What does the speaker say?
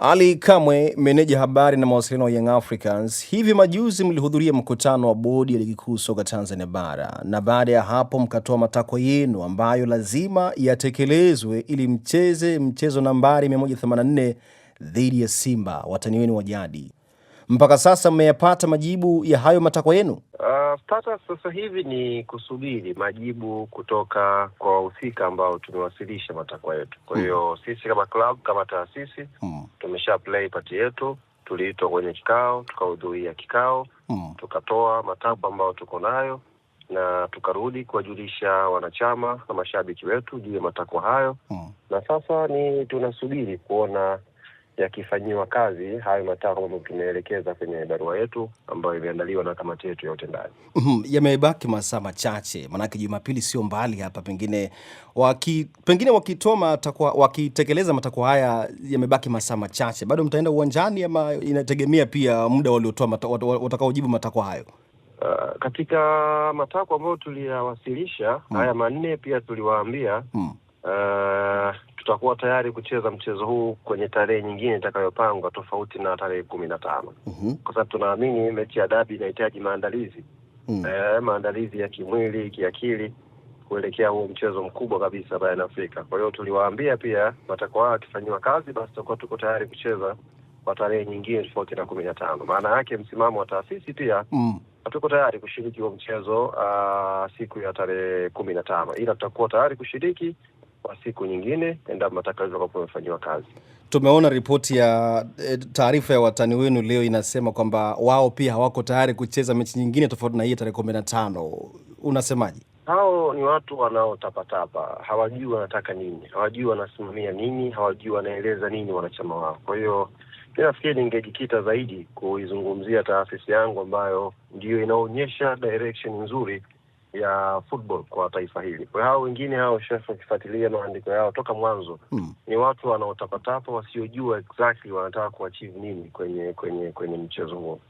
Ali Kamwe, meneja habari na mawasiliano wa Young Africans, hivi majuzi mlihudhuria mkutano wa bodi ya ligi kuu soka Tanzania bara, na baada ya hapo mkatoa matakwa yenu ambayo lazima yatekelezwe ili mcheze mchezo nambari 184 dhidi ya Simba, watani wenu wa jadi. Mpaka sasa mmeyapata majibu ya hayo matakwa yenu? Uh, Status sasa hivi ni kusubiri majibu kutoka kwa wahusika ambao tumewasilisha matakwa yetu. Kwa hiyo mm. sisi kama club, kama taasisi mm. tumesha play pati yetu, tuliitwa kwenye kikao, tukahudhuria kikao mm. tukatoa matakwa ambayo tuko nayo na tukarudi kuwajulisha wanachama na mashabiki wetu juu ya matakwa hayo mm. na sasa ni tunasubiri kuona yakifanyiwa kazi hayo matakwa ambayo tumeelekeza kwenye barua yetu ambayo imeandaliwa na kamati yetu ya utendaji. Mm, yamebaki masaa machache, maanake Jumapili sio mbali hapa. Pengine waki, pengine wakitoa matakwa, wakitekeleza matakwa haya, yamebaki masaa machache, bado mtaenda uwanjani ama inategemea pia muda waliotoa mata, watakaojibu matakwa hayo? Uh, katika matakwa ambayo tuliyawasilisha mm. haya manne pia tuliwaambia mm. uh, tutakuwa tayari kucheza mchezo huu kwenye tarehe nyingine itakayopangwa tofauti na tarehe kumi na tano mm -hmm. kwa sababu tunaamini mechi ya dabi inahitaji maandalizi mm -hmm. e, maandalizi ya kimwili, kiakili kuelekea huo mchezo mkubwa kabisa barani Afrika. Kwa hiyo tuliwaambia pia watakuwa hawa wakifanyiwa kazi, basi tutakuwa tuko tayari kucheza kwa tarehe nyingine tofauti na kumi na tano. Maana yake msimamo wa taasisi pia mm. tayari kushiriki huo mchezo uh, siku ya tarehe kumi na tano, ila tutakuwa tayari kushiriki kwa siku nyingine endapo matakwa yatakapokuwa amefanyiwa kazi. Tumeona ripoti ya eh, taarifa ya watani wenu leo inasema kwamba wao pia hawako tayari kucheza mechi nyingine tofauti na hii tarehe kumi na tano. Unasemaje? Hao ni watu wanaotapatapa, hawajui wanataka nini, hawajui wanasimamia nini, hawajui wanaeleza nini wanachama wao. Kwa hiyo mi nafikiri ningejikita zaidi kuizungumzia taasisi yangu ambayo ndiyo inaonyesha direction nzuri ya football kwa taifa hili. Kwa hao wengine hao, chef, wakifuatilia maandiko yao toka mwanzo mm, ni watu wanaotapatapa wasiojua exactly wanataka kuachieve nini kwenye kwenye kwenye mchezo huo.